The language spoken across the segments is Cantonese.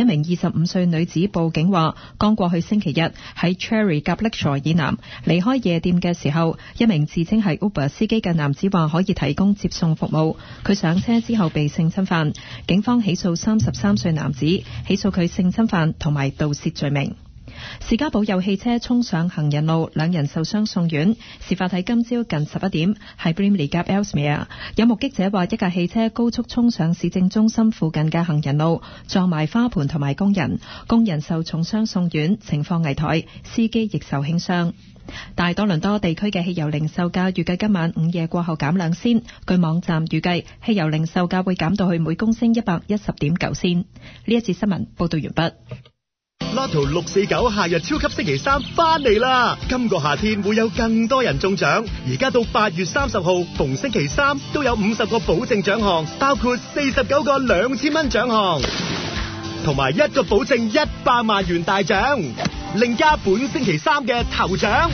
一名二十五歲女子報警話，剛過去星期日喺 Cherry 夾礫座以南離開夜店嘅時候，一名自稱係 Uber 司機嘅男子話可以提供接送服務，佢上車之後被性侵犯，警方起訴三十三歲男子，起訴佢性侵犯同埋盜竊罪名。士嘉堡有汽車衝上行人路，兩人受傷送院。事發喺今朝近十一點，係 Brimley 夾 Ellesmere。有目擊者話，一架汽車高速衝上市政中心附近嘅行人路，撞埋花盆同埋工人，工人受重傷送院，情況危殆。司機亦受輕傷。大多倫多地區嘅汽油零售價預計今晚午夜過後減兩仙。據網站預計，汽油零售價會減到去每公升一百一十點九仙。呢一節新聞報道完畢。Lotto 六四九夏日超級星期三翻嚟啦！今個夏天會有更多人中獎，而家到八月三十號逢星期三都有五十個保證獎項，包括四十九個兩千蚊獎項，同埋一個保證一百萬元大獎，另加本星期三嘅頭獎。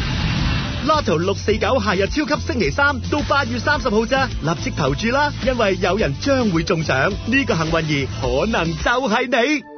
Lotto 六四九夏日超級星期三到八月三十號啫，立即投注啦！因為有人將會中獎，呢個幸運兒可能就係你。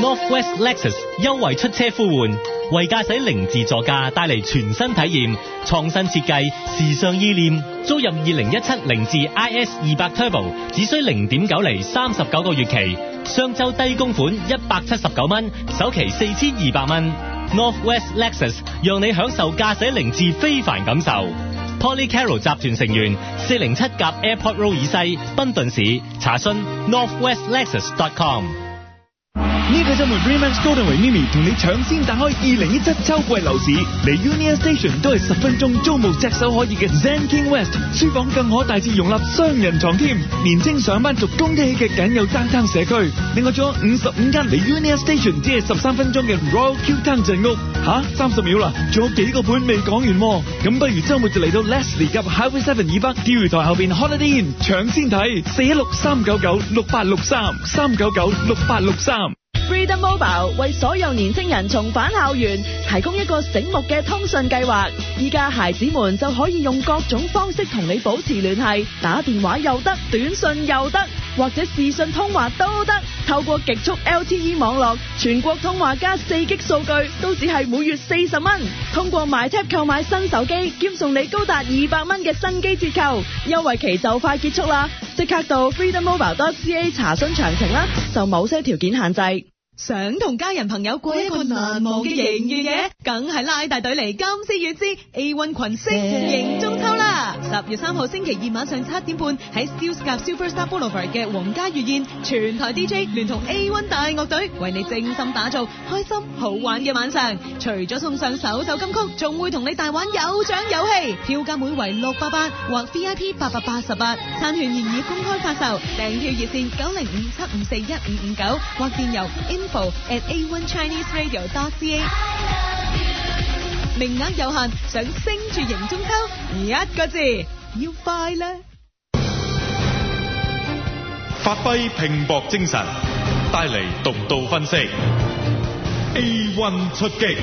Northwest Lexus 優惠出車呼喚，為駕駛凌志座駕帶嚟全新體驗，創新設計，時尚意念，租入二零一七凌志 IS 二百 Turbo 只需零點九厘，三十九個月期，上周低供款一百七十九蚊，首期四千二百蚊。Northwest Lexus 讓你享受駕駛凌志非凡感受。Poly Carol 集團成員，四零七甲 Airport Road 以西，賓頓市，查詢 NorthwestLexus.com。North 呢個周末 Remax Golden 維尼同你搶先打開二零一七秋季樓市，嚟 Union Station 都係十分鐘，租冇只手可以嘅 Zen King West 書房更可大致容納雙人床添，年青上班族供得起嘅僅有單攤社區。另外仲有五十五間嚟 Union Station 只係十三分鐘嘅 Royal Q Town 鎮屋，吓三十秒啦，仲有幾個盤未講完，咁不如周末就嚟到 Leslie 及 Highway Seven 以北釣魚台後邊 Holiday Inn 搶先睇四一六三九九六八六三三九九六八六三。Freedom Mobile 為所有年青人重返校園提供一個醒目嘅通訊計劃，依家孩子們就可以用各種方式同你保持聯繫，打電話又得，短信又得，或者視訊通話都得。透過極速 LTE 網絡，全國通話加四 G 數據都只係每月四十蚊。通過 MyTap 購買新手機，兼送你高達二百蚊嘅新機折扣，優惠期就快結束啦，即刻到 Freedom Mobile .ca 查詢詳情啦，受某些條件限制。想同家人朋友過一個難忘嘅迎月夜，梗係拉大隊嚟金絲月之 A one 群星迎中秋啦！十月三號星期二晚上七點半喺 Steeles 及 Superstar Boulevard 嘅皇家御宴，全台 DJ 聯同 A one 大樂隊為你精心打造開心好玩嘅晚上。除咗送上首首金曲，仲會同你大玩有獎遊戲。票價每為六八八或 V I P 八百八十八，餐券現已公開發售，訂票熱線九零五七五四一五五九或電郵 at A1 Chinese Radio.ca，名額有限，想升住迎中秋，一個字要快啦！發揮拼搏精神，帶嚟獨到分析。A1 出擊。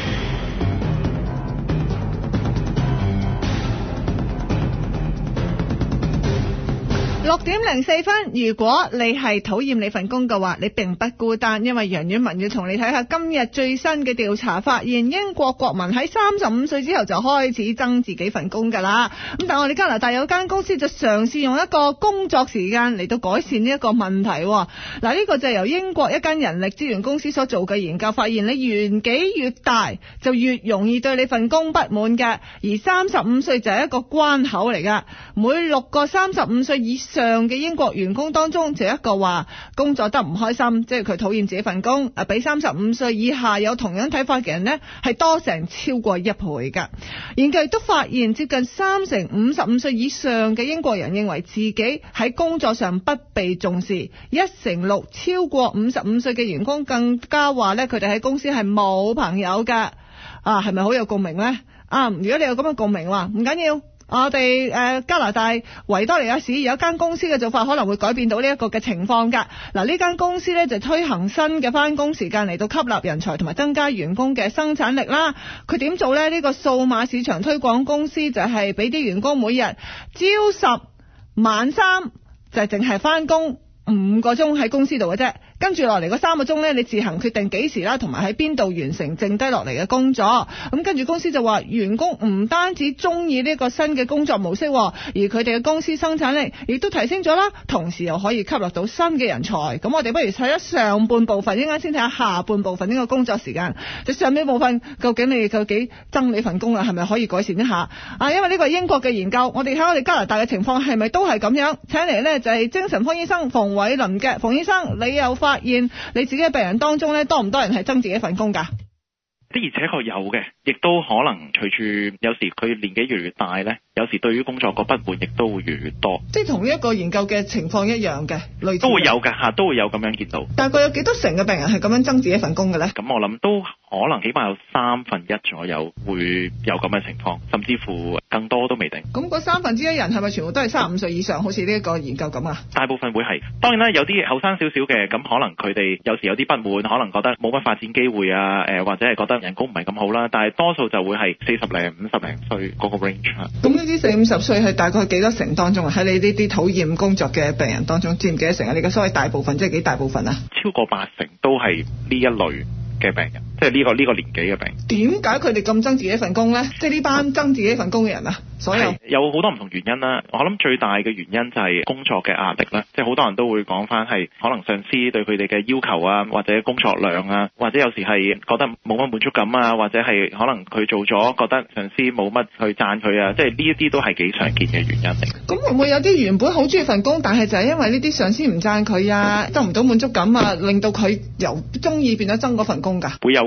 六點零四分，如果你係討厭你份工嘅話，你並不孤單，因為楊婉文要同你睇下今日最新嘅調查發現，英國國民喺三十五歲之後就開始憎自己份工噶啦。咁但我哋加拿大有間公司就嘗試用一個工作時間嚟到改善呢一個問題。嗱，呢、這個就係由英國一間人力資源公司所做嘅研究發現，你年紀越大就越容易對你份工不滿嘅，而三十五歲就係一個關口嚟噶。每六個三十五歲以上嘅英國員工當中，就一個話工作得唔開心，即係佢討厭自己份工，比三十五歲以下有同樣睇法嘅人呢，係多成超過一倍噶。研究都發現，接近三成五十五歲以上嘅英國人認為自己喺工作上不被重視，一成六超過五十五歲嘅員工更加話呢，佢哋喺公司係冇朋友噶。啊，係咪好有共鳴呢？啊，如果你有咁嘅共鳴嘅話，唔緊要。我哋誒加拿大維多利亞市有一間公司嘅做法可能會改變到呢一個嘅情況噶。嗱呢間公司咧就推行新嘅翻工時間嚟，到吸納人才同埋增加員工嘅生產力啦。佢點做呢？呢、呢個數碼市場推廣公司就係俾啲員工每日朝十晚三，就淨係翻工五個鐘喺公司度嘅啫。跟住落嚟嗰三個鐘呢，你自行決定幾時啦，同埋喺邊度完成剩低落嚟嘅工作。咁跟住公司就話，員工唔單止鍾意呢個新嘅工作模式，而佢哋嘅公司生產力亦都提升咗啦。同時又可以吸納到新嘅人才。咁我哋不如睇一上半部分，一陣先睇下下半部分呢個工作時間。就上邊部分究竟你究幾憎你份工啊？係咪可以改善一下啊？因為呢個英國嘅研究，我哋睇我哋加拿大嘅情況係咪都係咁樣？請嚟呢就係精神科醫生馮偉林嘅馮醫生，你有發現你自己嘅病人當中咧，多唔多人係憎自己份工㗎？的而且確有嘅，亦都可能隨住有時佢年紀越嚟越大咧。有時對於工作個不滿，亦都會越嚟越多，即係同一個研究嘅情況一樣嘅，類似的都會有㗎，都會有咁樣見到。大概有幾多成嘅病人係咁樣增住一份工嘅咧？咁我諗都可能起碼有三分一左右會有咁嘅情況，甚至乎更多都未定。咁嗰三分之一人係咪全部都係三十五歲以上？好似呢一個研究咁啊？大部分會係，當然啦，有啲後生少少嘅，咁可能佢哋有時有啲不滿，可能覺得冇乜發展機會啊、呃，或者係覺得人工唔係咁好啦。但係多數就會係四十零、五十零歲嗰個 range 咁呢四五十歲係大概幾多成當中啊？喺你呢啲討厭工作嘅病人當中，佔幾多成啊？你嘅所謂大部分即係幾大部分啊？超過八成都係呢一類嘅病人。即係呢、這個呢、這個年紀嘅病。點解佢哋咁憎自己份工呢？即係呢班憎自己份工嘅人啊，所以，有好多唔同原因啦。我諗最大嘅原因就係工作嘅壓力啦。即係好多人都會講翻係可能上司對佢哋嘅要求啊，或者工作量啊，或者有時係覺得冇乜滿足感啊，或者係可能佢做咗覺得上司冇乜去讚佢啊。即係呢一啲都係幾常見嘅原因嚟。咁會唔會有啲原本好中意份工，但係就係因為呢啲上司唔讚佢啊，得唔到滿足感啊，令到佢由中意變咗憎嗰份工㗎？會有。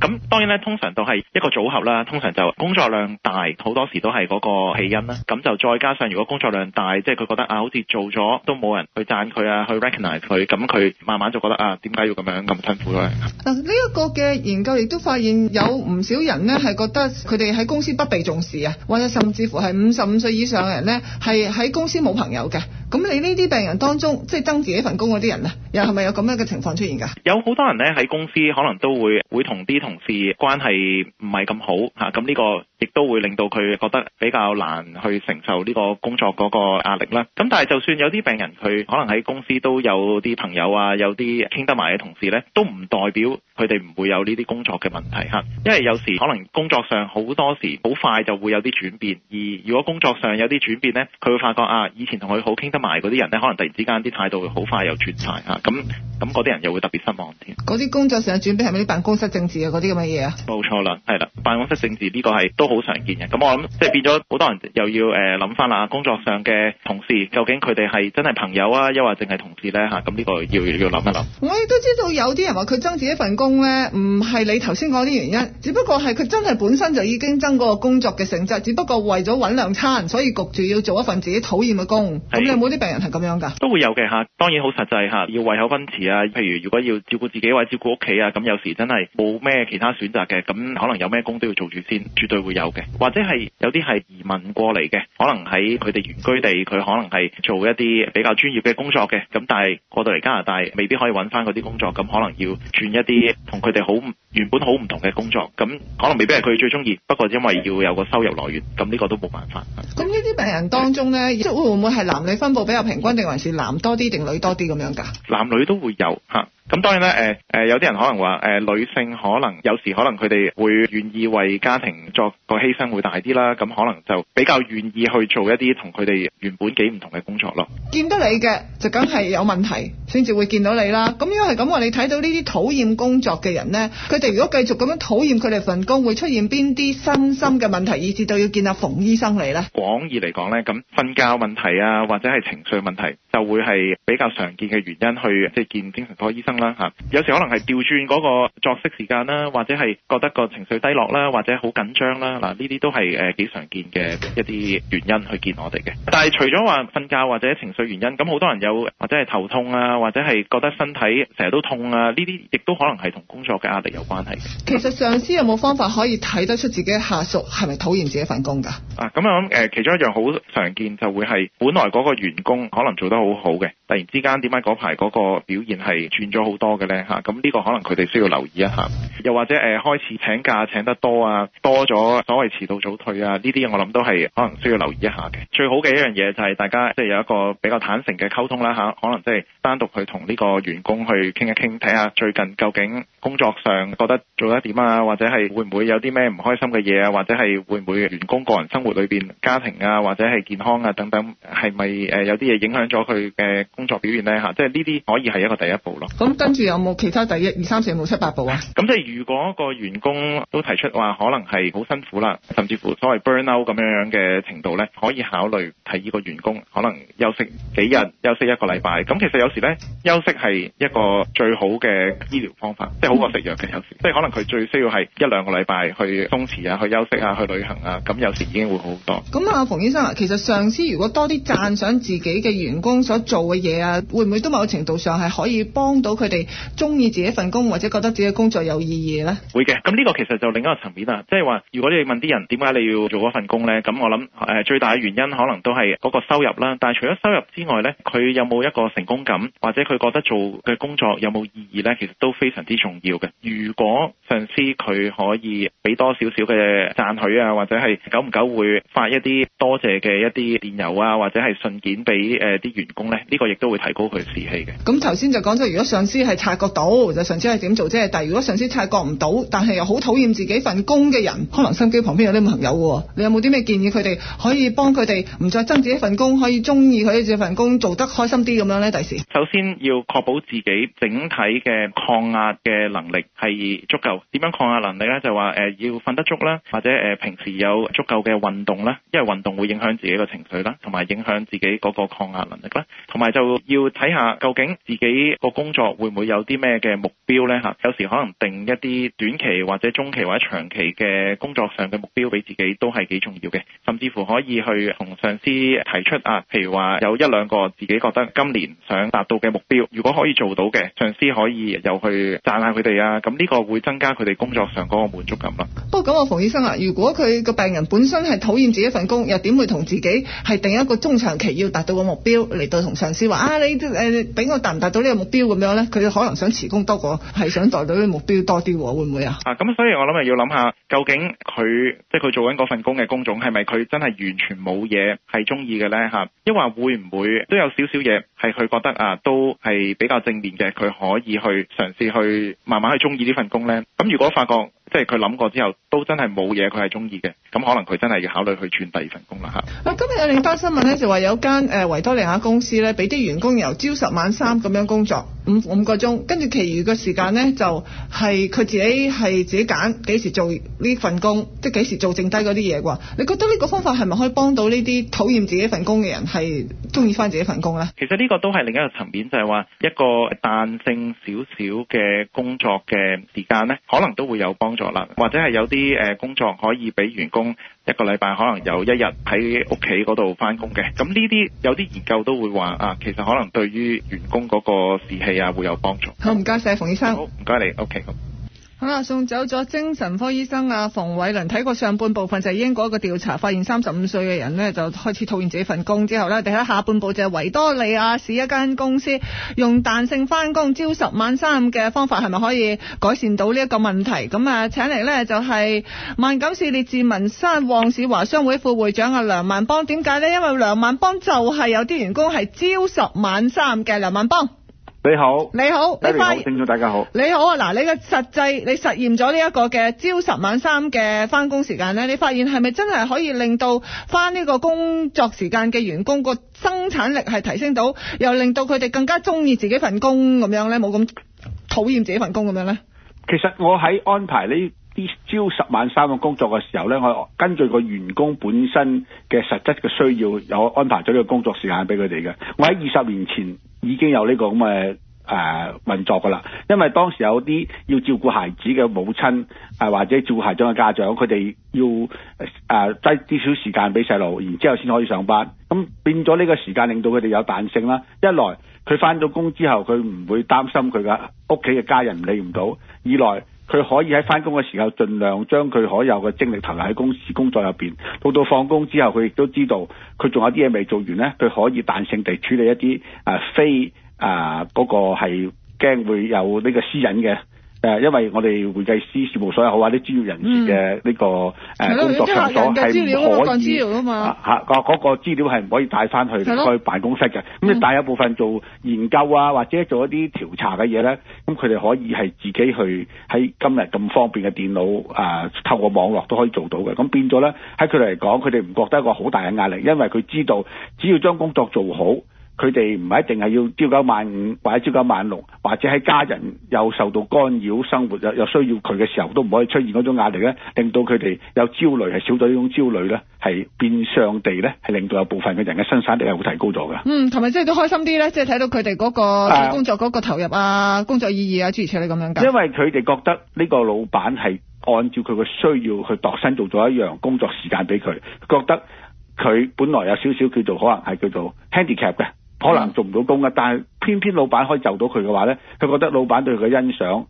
咁當然咧，通常都係一個組合啦。通常就工作量大，好多時都係嗰個起因啦。咁就再加上如果工作量大，即係佢覺得啊，好似做咗都冇人去讚佢啊，去 recognize 佢，咁佢慢慢就覺得啊，點解要咁樣咁辛苦咧？嗱，呢一個嘅研究亦都發現有唔少人呢係覺得佢哋喺公司不被重視啊，或者甚至乎係五十五歲以上嘅人呢係喺公司冇朋友嘅。咁你呢啲病人當中，即係憎自己份工嗰啲人呢，又係咪有咁樣嘅情況出現㗎？有好多人呢喺公司可能都會會同啲。同事關係唔係咁好嚇，咁呢個亦都會令到佢覺得比較難去承受呢個工作嗰個壓力啦。咁但係就算有啲病人佢可能喺公司都有啲朋友啊，有啲傾得埋嘅同事呢，都唔代表佢哋唔會有呢啲工作嘅問題嚇。因為有時可能工作上好多時好快就會有啲轉變，而如果工作上有啲轉變呢，佢會發覺啊，以前同佢好傾得埋嗰啲人呢，可能突然之間啲態度會好快又轉晒嚇，咁咁嗰啲人又會特別失望啲。嗰啲工作上轉變係咪啲辦公室政治？啲咁嘅嘢啊，冇錯啦，係啦，辦公室政治呢個係都好常見嘅。咁我諗即係變咗好多人又要誒諗翻啦，工作上嘅同事究竟佢哋係真係朋友啊，抑或淨係同事咧嚇？咁、啊、呢個要要諗一諗。我亦都知道有啲人話佢爭自己份工咧，唔係你頭先講啲原因， 只不過係佢真係本身就已經爭嗰個工作嘅性質，只不過為咗揾兩餐，所以焗住要做一份自己討厭嘅工。咁的有冇啲病人係咁樣㗎？都會有嘅嚇、啊，當然好實際嚇、啊，要為口奔馳啊。譬如如果要照顧自己或者照顧屋企啊，咁有時真係冇咩。其他選擇嘅，咁可能有咩工都要做住先，絕對會有嘅。或者係有啲係移民過嚟嘅，可能喺佢哋原居地，佢可能係做一啲比較專業嘅工作嘅。咁但係過到嚟加拿大，未必可以揾翻嗰啲工作，咁可能要轉一啲同佢哋好原本好唔同嘅工作。咁可能未必係佢最中意，不過因為要有個收入來源，咁呢個都冇辦法。咁呢啲病人當中呢，即是會唔會係男女分佈比較平均，定還是男多啲定女多啲咁樣㗎？男女都會有吓。咁當然啦、呃呃，有啲人可能話、呃，女性可能有時可能佢哋會願意為家庭作個犧牲會大啲啦，咁可能就比較願意去做一啲同佢哋原本幾唔同嘅工作咯。見得你嘅就梗係有問題，先至會見到你啦。咁因為係咁話，你睇到呢啲討厭工作嘅人咧，佢哋如果繼續咁樣討厭佢哋份工，會出現邊啲身心嘅問題，以至到要見阿馮醫生你咧？廣義嚟講咧，咁瞓覺問題啊，或者係情緒問題，就會係比較常見嘅原因去即係見精神科醫生啦嚇、啊，有時可能係調轉嗰個作息時間啦，或者係覺得個情緒低落啦，或者好緊張啦，嗱呢啲都係誒幾常見嘅一啲原因去見我哋嘅。但係除咗話瞓覺或者情緒原因，咁好多人有或者係頭痛啊，或者係覺得身體成日都痛啊，呢啲亦都可能係同工作嘅壓力有關係。其實上司有冇方法可以睇得出自己下屬係咪討厭自己份工㗎？啊，咁、嗯、我諗、呃、其中一樣好常見就會係本來嗰個員工可能做得好。好好嘅，突然之間點解嗰排嗰個表現係轉咗好多嘅呢？咁、嚇、呢個可能佢哋需要留意一下，又或者誒、呃、開始請假請得多啊，多咗所謂遲到早退啊，呢啲我諗都係可能需要留意一下嘅。最好嘅一樣嘢就係大家即係、就是、有一個比較坦誠嘅溝通啦、嚇、可能即係單獨去同呢個員工去傾一傾，睇下最近究竟工作上覺得做得點啊，或者係會唔會有啲咩唔開心嘅嘢啊，或者係會唔會員工個人生活裏面、家庭啊，或者係健康啊等等，係咪、誒、有啲嘢影響咗佢？佢嘅工作表現呢，即係呢啲可以係一個第一步咯。咁跟住有冇其他第一二三四五七八步啊？咁即係如果個員工都提出話，可能係好辛苦啦，甚至乎所謂 burnout 咁樣樣嘅程度呢，可以考慮睇呢個員工可能休息幾日，休息一個禮拜。咁其實有時呢，休息係一個最好嘅醫療方法，嗯、即係好過食藥嘅有時。即係、嗯、可能佢最需要係一兩個禮拜去鬆弛啊，去休息啊，去旅行啊。咁有時已經會好多。咁阿馮醫生啊，其實上司如果多啲讚賞自己嘅員工。所做嘅嘢啊，會唔會都某程度上係可以幫到佢哋中意自己份工，或者覺得自己嘅工作有意義咧？會嘅，咁呢個其實就另一個層面啦。即係話如果你問啲人點解你要做嗰份工咧，咁我諗誒最大嘅原因可能都係嗰個收入啦。但係除咗收入之外咧，佢有冇一個成功感，或者佢覺得做嘅工作有冇意義咧？其實都非常之重要嘅。如果上司佢可以俾多少少嘅讚許啊，或者係久唔久會發一啲多謝嘅一啲電郵啊，或者係信件俾誒啲員。工咧，呢個亦都會提高佢士氣嘅。咁頭先就講咗，如果上司係察覺到，就上司係點做啫。但係如果上司察覺唔到，但係又好討厭自己份工嘅人，可能身邊旁邊有啲朋友喎，你有冇啲咩建議佢哋可以幫佢哋唔再憎自己份工，可以中意佢哋自份工，自己工，做得開心啲咁樣咧？第時首先要確保自己整體嘅抗壓嘅能力係足夠。點樣抗壓能力咧？就話誒、呃、要瞓得足啦，或者誒、呃、平時有足夠嘅運動啦，因為運動會影響自己嘅情緒啦，同埋影響自己嗰個抗壓能力啦。同埋就要睇下究竟自己個工作會唔會有啲咩嘅目標呢？吓？有時可能定一啲短期或者中期或者長期嘅工作上嘅目標俾自己都係幾重要嘅，甚至乎可以去同上司提出啊，譬如話有一兩個自己覺得今年想達到嘅目標，如果可以做到嘅，上司可以又去讚下佢哋啊，咁呢個會增加佢哋工作上嗰個滿足感囉。不過咁啊，馮醫生啊，如果佢個病人本身係討厭自己份工，又點會同自己係定一個中長期要達到嘅目標？對，同上司話啊，你誒，俾、啊、我達唔達到呢個目標咁樣咧，佢可能想辭工多過係想代到呢個目標多啲，會唔會啊？啊，咁所以我諗咪要諗下，究竟佢即係佢做緊嗰份工嘅工種係咪佢真係完全冇嘢係中意嘅咧？吓、啊，因為會唔會都有少少嘢？係佢覺得啊，都係比較正面嘅，佢可以去嘗試去慢慢去中意呢份工呢。咁如果發覺即係佢諗過之後，都真係冇嘢佢係中意嘅，咁可能佢真係要考慮去轉第二份工啦嚇。啊，今日有另一單新聞呢，就話、是、有間誒維多利亞公司呢，俾啲員工由朝十晚三咁樣工作五五個鐘，跟住其餘嘅時間呢，就係、是、佢自己係自己揀幾時做呢份工，即係幾時做剩低嗰啲嘢啩？你覺得呢個方法係咪可以幫到呢啲討厭自己份工嘅人係中意翻自己份工呢？其實呢、呢個。都係另一個層面，就係話一個彈性少少嘅工作嘅時間呢，可能都會有幫助啦。或者係有啲誒工作可以俾員工一個禮拜，可能有一日喺屋企嗰度返工嘅。咁呢啲有啲研究都會話啊，其實可能對於員工嗰個士氣啊會有幫助。好，唔該晒，馮醫生。好，唔該你。OK。咁啊，送走咗精神科醫生啊偉偉。馮偉倫，睇過上半部分就係英國一個調查，發現三十五歲嘅人呢，就開始討厭自己份工之後呢，我哋喺下半部就係維多利亞市一間公司用彈性翻工，朝十晚三嘅方法，係咪可以改善到呢一個問題？咁啊，請嚟呢，就係、是、萬錦市列治文山旺市華商會副會長啊。梁萬邦，點解呢？因為梁萬邦就係有啲員工係朝十晚三嘅梁萬邦。好你好，你好，你好，聽眾，大家好，你好啊！嗱，你個實際，你實驗咗呢一個嘅朝十晚三嘅翻工時間咧，你發現係咪真係可以令到翻呢個工作時間嘅員工個生產力係提升到，又令到佢哋更加中意自己份工咁樣咧，冇咁討厭自己份工咁樣咧？其實我喺安排呢啲朝十晚三嘅工作嘅時候咧，我根據個員工本身嘅實質嘅需要，有安排咗呢個工作時間俾佢哋嘅。我喺二十年前。已經有呢、這個咁嘅誒運作噶啦，因為當時有啲要照顧孩子嘅母親，誒、呃、或者照顧孩子嘅家長，佢哋要誒誒擠少少時間俾細路，然之後先可以上班。咁變咗呢個時間令到佢哋有彈性啦。一來佢翻咗工之後，佢唔會擔心佢嘅屋企嘅家人理唔到；二來。佢可以喺返工嘅時候，盡量將佢可有嘅精力投入喺公司工作入邊。到到放工之後，佢亦都知道佢仲有啲嘢未做完咧，佢可以彈性地處理一啲、呃、非啊嗰、呃嗰個係驚會有呢個私隱嘅。誒，因為我哋會計師事務所有好啊，啲專、嗯、業人士嘅呢個工作場所係唔可以嗰個資料係唔可以帶翻、啊那個、去的去辦公室嘅。咁你帶一部分做研究啊，或者做一啲調查嘅嘢咧，咁佢哋可以係自己去喺今日咁方便嘅電腦啊，透過網絡都可以做到嘅。咁變咗咧，喺佢哋嚟講，佢哋唔覺得一個好大嘅壓力，因為佢知道只要將工作做好。佢哋唔係一定係要朝九晚五，或者朝九晚六，或者喺家人又受到干擾生活，又需要佢嘅時候，都唔可以出現嗰種壓力咧，令到佢哋有焦慮，係少咗呢種焦慮咧，係變相地咧，係令到有部分嘅人嘅生產力係會提高咗嘅。嗯，同埋即係都開心啲咧，即係睇到佢哋嗰個工作嗰個投入啊，啊工作意義啊，諸如此類咁樣。因為佢哋覺得呢個老闆係按照佢嘅需要去度身做咗一樣工作時間俾佢，覺得佢本來有少少叫做可能係叫做 handicap 嘅。可能做唔到工嘅，但係偏偏老闆可以就到佢嘅話咧，佢覺得老闆對佢嘅欣賞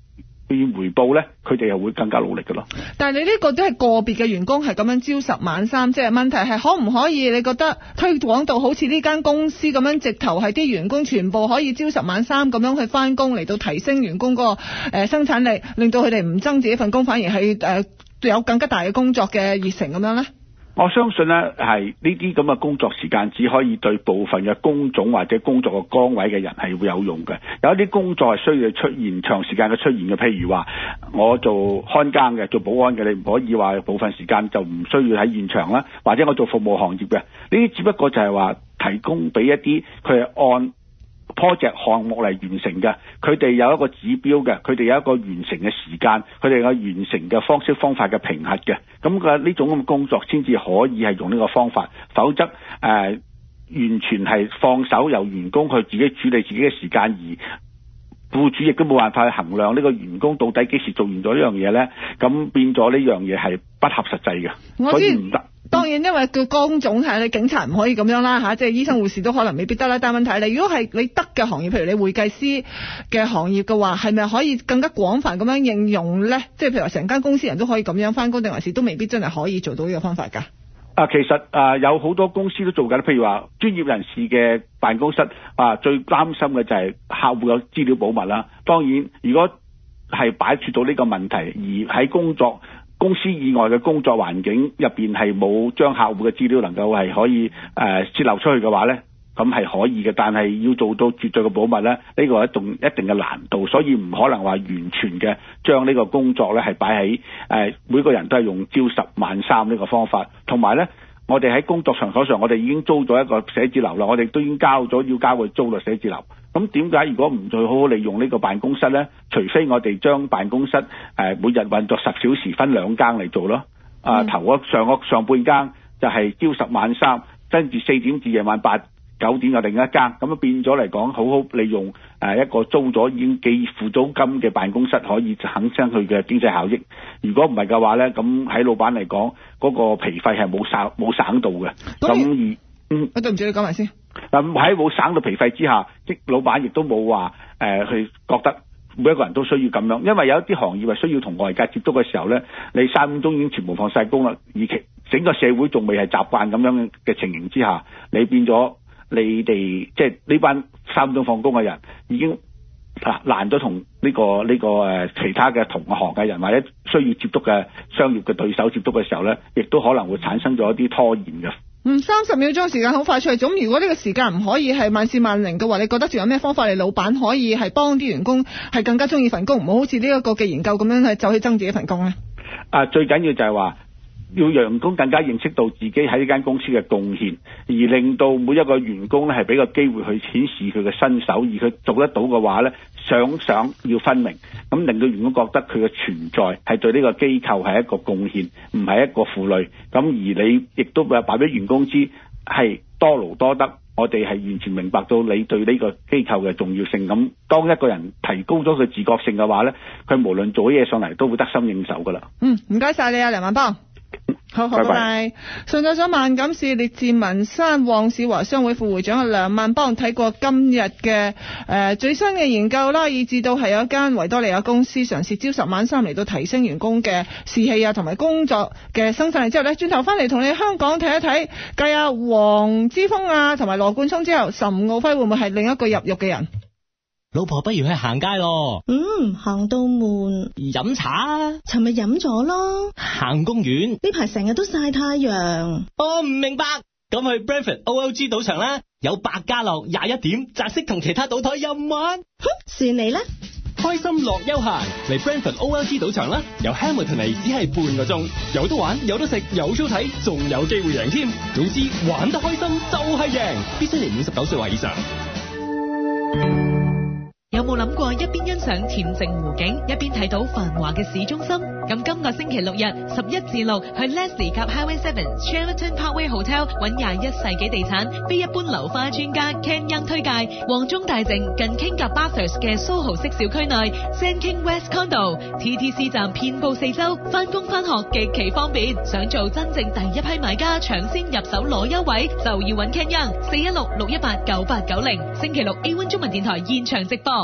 會回報咧，佢哋又會更加努力嘅咯。但係你呢個都係個別嘅員工係咁樣朝十晚三，即係問題係可唔可以？你覺得推廣到好似呢間公司咁樣直頭係啲員工全部可以朝十晚三咁樣去翻工，嚟到提升員工嗰個、呃、生產力，令到佢哋唔爭自己份工，反而係誒、呃、有更加大嘅工作嘅熱誠咁樣咧？我相信呢，係呢啲咁嘅工作時間只可以對部分嘅工種或者工作嘅崗位嘅人係會有用嘅。有一啲工作係需要出現長時間嘅出現嘅，譬如話我做看更嘅、做保安嘅，你唔可以話部分時間就唔需要喺現場啦。或者我做服務行業嘅，呢啲只不過就係話提供俾一啲佢係按 project 項目嚟完成嘅，佢哋有一個指標嘅，佢哋有一個完成嘅時間，佢哋有完成嘅方式方法嘅評核嘅，咁嘅呢種咁嘅工作先至可以係用呢個方法，否則誒、呃、完全係放手由員工去自己處理自己嘅時間而。雇主亦都冇辦法去衡量呢個員工到底幾時做完咗呢樣嘢呢？咁變咗呢樣嘢係不合實際嘅，所以唔得。當然，因為叫江總係你警察唔可以咁樣啦嚇，即係醫生、護士都可能未必得啦。但係問題你如果係你得嘅行業，譬如你會計師嘅行業嘅話，係咪可以更加廣泛咁樣應用呢？即係譬如話，成間公司人都可以咁樣返工定還是都未必真係可以做到呢個方法㗎？啊，其實啊，有好多公司都做緊，譬如話專業人士嘅辦公室啊，最擔心嘅就係客戶嘅資料保密啦、啊。當然，如果係擺脫到呢個問題，而喺工作公司以外嘅工作環境入邊係冇將客戶嘅資料能夠係可以設、呃、泄漏出去嘅話呢。咁係可以嘅，但係要做到絕對嘅保密呢，呢、呢個係一種一定一定嘅難度，所以唔可能話完全嘅將呢個工作呢係擺喺每個人都係用朝十晚三呢個方法。同埋呢，我哋喺工作場所上，我哋已經租咗一個寫字樓啦，我哋都已經交咗要交去租啦寫字樓。咁點解如果唔再好好利用呢個辦公室呢，除非我哋將辦公室、呃、每日運作十小時分兩更嚟做咯。嗯、啊，頭上上半更就係朝十晚三，跟住四點至夜晚八。九點又另一間，咁啊變咗嚟講，好好利用誒一個租咗已經寄付租金嘅辦公室，可以提升佢嘅經濟效益。如果唔係嘅話咧，咁喺老闆嚟講，嗰、那個皮費係冇省冇省到嘅。咁如以嗯，啊對唔住，你講埋先。嗱、嗯，喺冇省到皮費之下，即老闆亦都冇話誒，佢、呃、覺得每一個人都需要咁樣，因為有一啲行業係需要同外界接觸嘅時候咧，你三五鐘已經全部放晒工啦，以其整個社會仲未係習慣咁樣嘅情形之下，你變咗。你哋即係呢班三點放工嘅人，已經嗱難咗同呢個呢、呢個誒其他嘅同行嘅人，或者需要接觸嘅商業嘅對手接觸嘅時候呢，亦都可能會產生咗一啲拖延嘅。嗯，三十秒鐘時間好快脆，咁如果呢個時間唔可以係萬事萬靈嘅話，你覺得仲有咩方法？你老闆可以係幫啲員工係更加中意份工，唔好好似呢一個嘅研究咁樣去走去爭自己份工呢？啊，最緊要就係話。要員工更加認識到自己喺呢間公司嘅貢獻，而令到每一個員工咧係俾個機會去顯示佢嘅身手，而佢做得到嘅話呢賞罰要分明，咁令到員工覺得佢嘅存在係對呢個機構係一個貢獻，唔係一個負累。咁而你亦都誒，話俾員工知係多勞多得，我哋係完全明白到你對呢個機構嘅重要性。咁當一個人提高咗佢自覺性嘅話呢，佢無論做嘢上嚟都會得心應手噶啦。嗯，唔該晒你啊，梁萬邦。好好，好拜拜。拜拜。上咗咗萬錦市、列治文山、旺市華商會副會長阿梁萬邦睇過今日嘅，誒最新嘅研究啦，以至到係有一間維多利亞公司嘗試朝十晚三嚟到提升員工嘅士氣啊，同埋工作嘅生產力之後呢，轉頭翻嚟同你香港睇一睇，計阿黃之鋒啊，同埋羅冠聰之後，岑敖輝會唔會係另一個入獄嘅人？老婆不如去行街咯。嗯，行到悶，飲茶啊。尋日飲咗咯。行公園，呢排成日都曬太陽。我唔明白。咁去 Brantford O L G 賭場啦，有百家樂、廿一點、扎色同其他賭台任玩。哼，算你啦。開心樂休閒，嚟 Brantford O L G 賭場啦，由 Hamilton 嚟只係半個鐘，有得玩，有得食，有 show 睇，仲有機會贏添。總之玩得開心就係贏，必須年滿十九歲或以上。有冇諗過一邊欣賞恬靜湖景，一邊睇到繁華嘅市中心？咁今個星期六日十一至六，6, 去 Leslie 及 Highway Seven Charlton Parkway Hotel 揾廿一世紀地產，非一般流花專家 Ken Yang 推介，旺中大靜近傾及 Bathurst 嘅 SoHo 式小區內 San King West Condo TTC 站遍佈四周，翻工翻學極其方便。想做真正第一批買家，搶先入手攞優惠，就要揾 Ken Yang 四一六六一八九八九零。90, 星期六 A One 中文電台現場直播。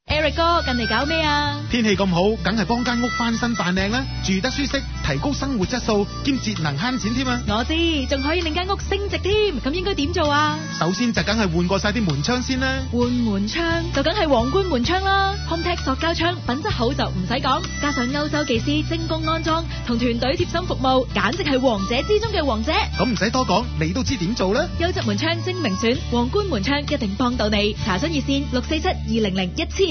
Eric 哥近嚟搞咩啊？天氣咁好，梗係幫間屋翻新扮靚啦，住得舒適，提高生活質素，兼節能慳錢添啊！我知，仲可以令間屋升值添，咁應該點做啊？首先就梗係換過晒啲門窗先啦，換門窗就梗係皇冠門窗啦，Hometech 塑膠窗品質好就唔使講，加上歐洲技師精工安裝，同團隊貼心服務，簡直係王者之中嘅王者。咁唔使多講，你都知點做啦？優質門窗精明選，皇冠門窗一定幫到你。查詢熱線六四七二零零一千。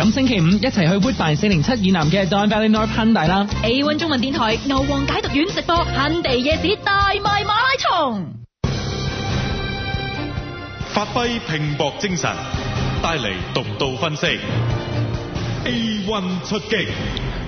咁星期五一齊去 Woodbine 四零七以南嘅 Don Valley NorthHyundai 啦。A1 中文電台牛黃解毒院直播 Hyundai 夜市大賣馬拉松，發揮拼搏精神，帶嚟獨到分析。A1 出擊。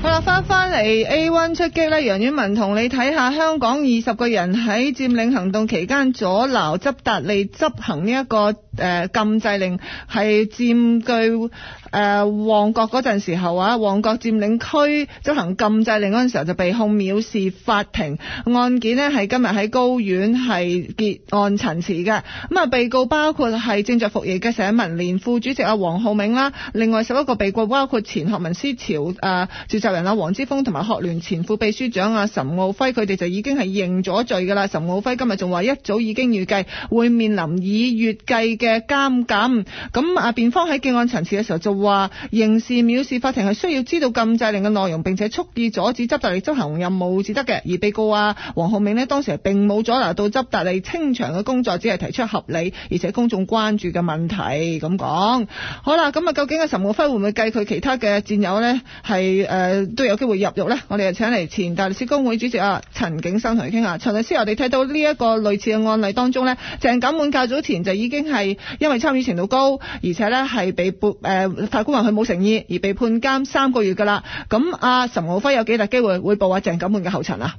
好啦，返返嚟 A1 出擊咧，楊婉文同你睇下香港二十個人喺佔領行動期間阻撓執達吏執行呢一個。誒、呃，禁制令係佔據誒，旺角嗰陣時候啊，旺角佔領區執行禁制令嗰陣時候就被控藐視法庭，案件呢係今日喺高院係結案陳詞嘅。咁啊，被告包括係正在服役嘅社民連副主席啊黃浩銘啦，另外十一個被告包括前學民思潮誒召、呃、集人啊黃之鋒同埋學聯前副秘書長啊岑奧輝，佢哋就已經係認咗罪噶啦。岑奧輝今日仲話一早已經預計會面臨以月計。嘅監禁，咁啊辯方喺結案層次嘅時候就話刑事藐視法庭係需要知道禁制令嘅內容，並且蓄意阻止執達吏執行任務至得嘅，而被告啊黃浩銘咧當時並冇阻攔到執達吏清場嘅工作，只係提出合理而且公眾關注嘅問題咁講。好啦，咁啊究竟阿岑浩輝會唔會計佢其他嘅戰友呢？係誒、呃、都有機會入獄呢。我哋就請嚟前大律師公會主席啊陳景生同佢傾下。陳律師，我哋睇到呢一個類似嘅案例當中呢，鄭錦滿較早前就已經係。因為參與程度高，而且咧係被判，誒、呃，法官話佢冇誠意而被判監三個月噶啦。咁阿岑浩輝有幾大機會會步阿、啊、鄭錦滿嘅後塵啊？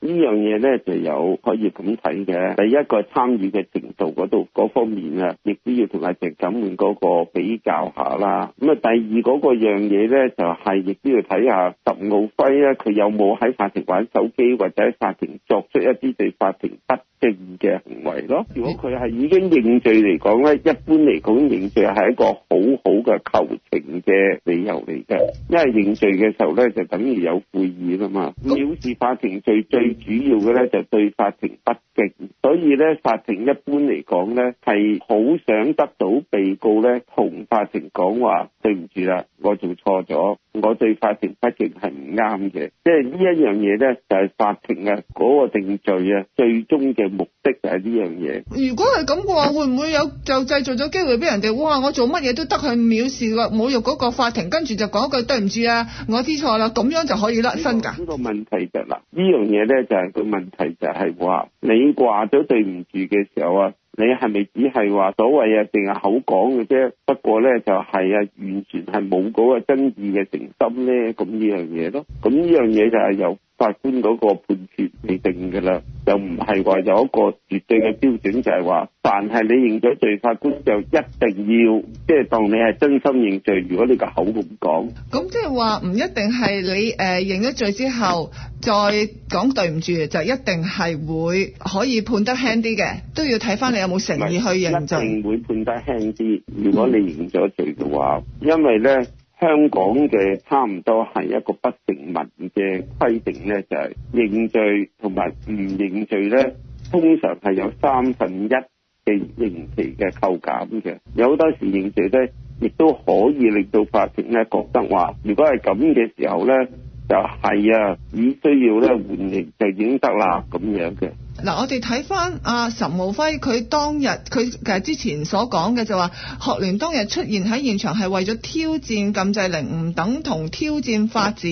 呢樣嘢咧就有可以咁睇嘅。第一個參與嘅程度嗰度嗰方面啊，亦都要同阿鄭錦滿嗰個比較下啦。咁啊，第二嗰個樣嘢咧就係亦都要睇下岑浩輝咧，佢有冇喺法庭玩手機或者喺法庭作出一啲對法庭不嘅嘅行為咯，如果佢係已經認罪嚟講咧，一般嚟講認罪係一個好好嘅求情嘅理由嚟嘅，因為認罪嘅時候咧就等於有悔意啦嘛。藐視法庭罪最主要嘅咧就是對法庭不敬，所以咧法庭一般嚟講咧係好想得到被告咧同法庭講話，對唔住啦，我做錯咗，我對法庭不敬係唔啱嘅。即係呢一樣嘢咧就係法庭啊嗰個定罪啊最終嘅。目的就係呢樣嘢。如果係咁嘅話， 會唔會有就製造咗機會俾人哋？哇！我做乜嘢都得，佢藐視㗎，侮辱嗰個法庭，跟住就講一句對唔住啊，我知錯啦，咁樣就可以甩身㗎。呢個問題就嗱、是，呢樣嘢咧就係個問題就係、是、話，你掛咗對唔住嘅時候啊，你係咪只係話所謂啊定係口講嘅啫？不過咧就係啊，完全係冇嗰個真意嘅誠心咧，咁呢樣嘢咯。咁呢樣嘢就係由法官嗰個判決未定㗎啦。就唔係話有一個絕對嘅標準，就係話，凡係你認咗罪，法官就一定要即係當你係真心認罪。如果你個口咁講，咁即係話唔一定係你誒、呃、認咗罪之後再講對唔住，就一定係會可以判得輕啲嘅，都要睇翻你有冇誠意去認罪。唔係一定會判得輕啲，如果你認咗罪嘅話，嗯、因為咧。香港嘅差唔多係一個不成文嘅規定咧，就係、是、認罪同埋唔認罪咧，通常係有三分一嘅刑期嘅扣減嘅。有好多時認罪咧，亦都可以令到法庭咧覺得話，如果係咁嘅時候咧，就係、是、啊，只需要咧緩刑就已經得啦咁樣嘅。嗱，我哋睇翻阿岑敖暉佢當日佢之前所講嘅就話，學聯當日出現喺現場係為咗挑戰禁制令，唔等同挑戰法治，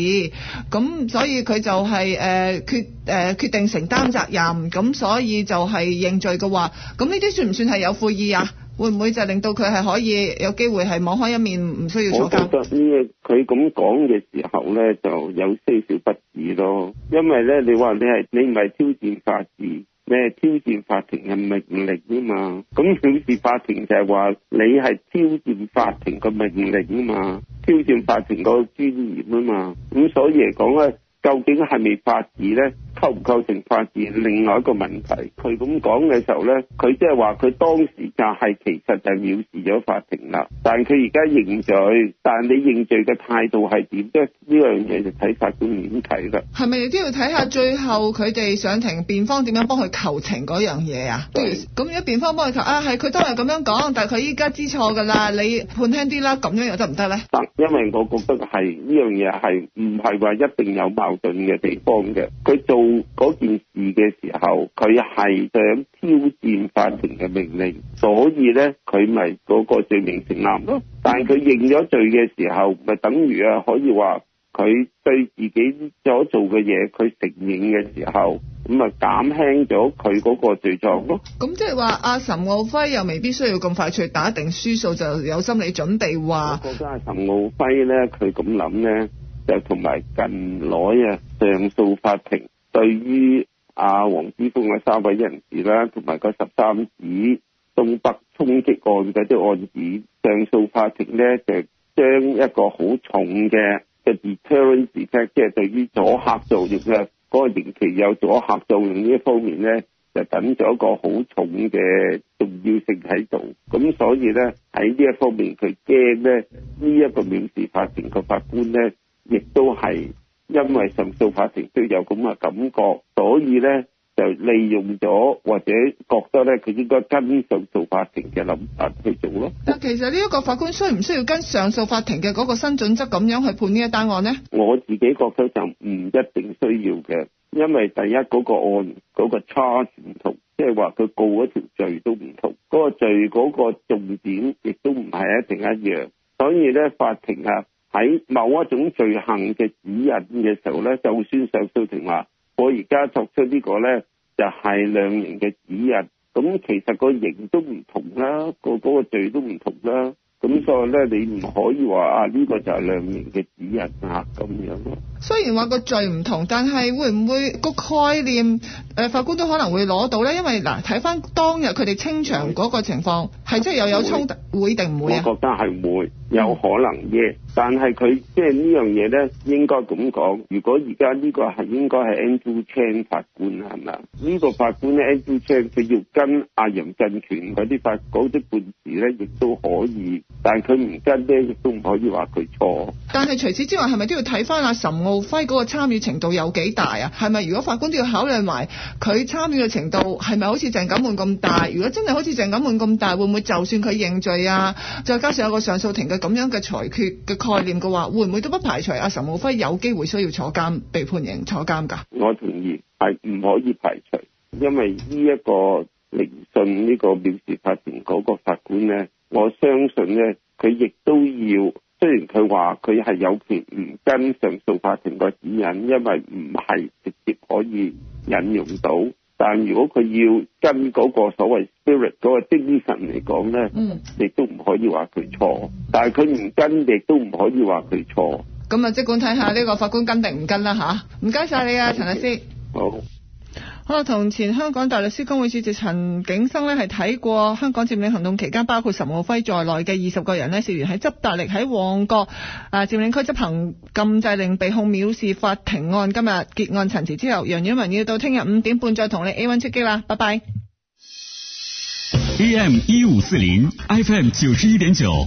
咁所以佢就係、是、誒、呃、決誒、呃、決定承擔責任，咁所以就係認罪嘅話，咁呢啲算唔算係有悔意啊？會唔會就令到佢係可以有機會係網開一面，唔需要坐監？我覺得佢咁講嘅時候呢，就有些少不智咯。因為呢，你話你係你唔係挑戰法治，你係挑戰法庭嘅命令啊嘛。咁挑示法庭就係話你係挑戰法庭嘅命令啊嘛，挑戰法庭嗰個專業啊嘛。咁所以嚟講呢。究竟係咪法治咧？構唔構成法治，另外一個問題。佢咁講嘅時候咧，佢即係話佢當時就係、是、其實就藐視咗法庭啦。但係佢而家認罪，但係你認罪嘅態度係點？即係呢樣嘢就睇法官點睇啦。係咪都要睇下最後佢哋上庭辯方點樣幫佢求情嗰樣嘢、嗯、啊？咁如果辯方幫佢求啊，係佢都係咁樣講，但係佢依家知錯噶啦，你判輕啲啦，咁樣又得唔得咧？得，因為我覺得係呢樣嘢係唔係話一定有矛。矛盾嘅地方嘅，佢做嗰件事嘅時候，佢係想挑戰法庭嘅命令，所以咧佢咪嗰個罪名成立咯。但係佢認咗罪嘅時候，咪等於啊可以話佢對自己所做嘅嘢，佢承認嘅時候，咁咪減輕咗佢嗰個罪狀咯。咁即係話阿岑敖輝又未必需要咁快速打定輸數，就有心理準備話。我覺家阿岑敖輝咧，佢咁諗咧。就同埋近耐啊，上訴法庭對於阿黃之鋒嘅三位人士啦，同埋個十三子東北衝擊案嘅啲案件，上訴法庭咧就是、將一個好重嘅嘅 deterrence effect，即係對於阻嚇作用咧嗰刑期有阻嚇作用呢一方面咧，就等咗一個好重嘅重要性喺度。咁所以咧喺呢一方面呢，佢驚咧呢一個藐視法庭嘅法官咧。亦都係因為上訴法庭都有咁嘅感覺，所以咧就利用咗或者覺得咧佢應該跟上訴法庭嘅諗法去做咯。但其實呢一個法官需唔需要跟上訴法庭嘅嗰個新準則咁樣去判呢一單案呢？我自己覺得就唔一定需要嘅，因為第一嗰個案嗰個差唔同，即係話佢告嗰條罪都唔同，嗰個罪嗰個重點亦都唔係一定一樣，所以咧法庭啊。喺某一種罪行嘅指引嘅時候咧，就算上訴庭話我而家作出呢個咧，就係量刑嘅指引，咁其實個刑都唔同啦，個嗰個，個罪都唔同啦，咁所以咧，你唔可以話啊呢、呢個就係量刑嘅指引嚇咁樣咯。雖然話個罪唔同，但係會唔會個概念誒法官都可能會攞到咧？因為嗱，睇翻當日佢哋清場嗰個情況，係即係又有衝突，會定唔會啊？我覺得係會。有可能嘅，但係佢即係呢樣嘢咧，應該咁講。如果而家呢個係應該係 Andrew Chan 法官係咪啊，呢、這個法官咧，Andrew Chan 佢要跟阿楊振權嗰啲法官啲判詞咧，亦都可以。但係佢唔跟咧，亦都唔可以話佢錯。但係除此之外，係咪都要睇翻阿岑敖暉嗰個參與程度有幾大啊？係咪如果法官都要考慮埋佢參與嘅程度，係咪好似鄭錦滿咁大？如果真係好似鄭錦滿咁大，會唔會就算佢認罪啊？再加上有個上訴庭嘅。咁樣嘅裁決嘅概念嘅話，會唔會都不排除阿岑浩輝有機會需要坐監被判刑坐監㗎？我同意係唔可以排除，因為呢一個聆訊呢個藐視法庭嗰個法官咧，我相信咧佢亦都要，雖然佢話佢係有權唔跟上訴法庭個指引，因為唔係直接可以引用到。但如果佢要跟嗰個所謂 spirit 嗰個精神嚟講咧，嗯，亦都唔可以話佢錯，但係佢唔跟亦都唔可以話佢錯，咁啊、嗯，即管睇下呢個法官跟定唔跟啦吓，唔該晒你啊，陳律師，好。好啦，同前香港大律師公會主席陳景生呢，係睇過香港佔領行動期間，包括岑敖暉在內嘅二十個人呢，涉嫌喺執大力喺旺角啊占領區執行禁制令被控藐視法庭案，今日結案陳詞之後，楊婉文要到聽日五點半再同你 A one 出擊啦，拜拜。AM 一五四零，FM 九十一點九。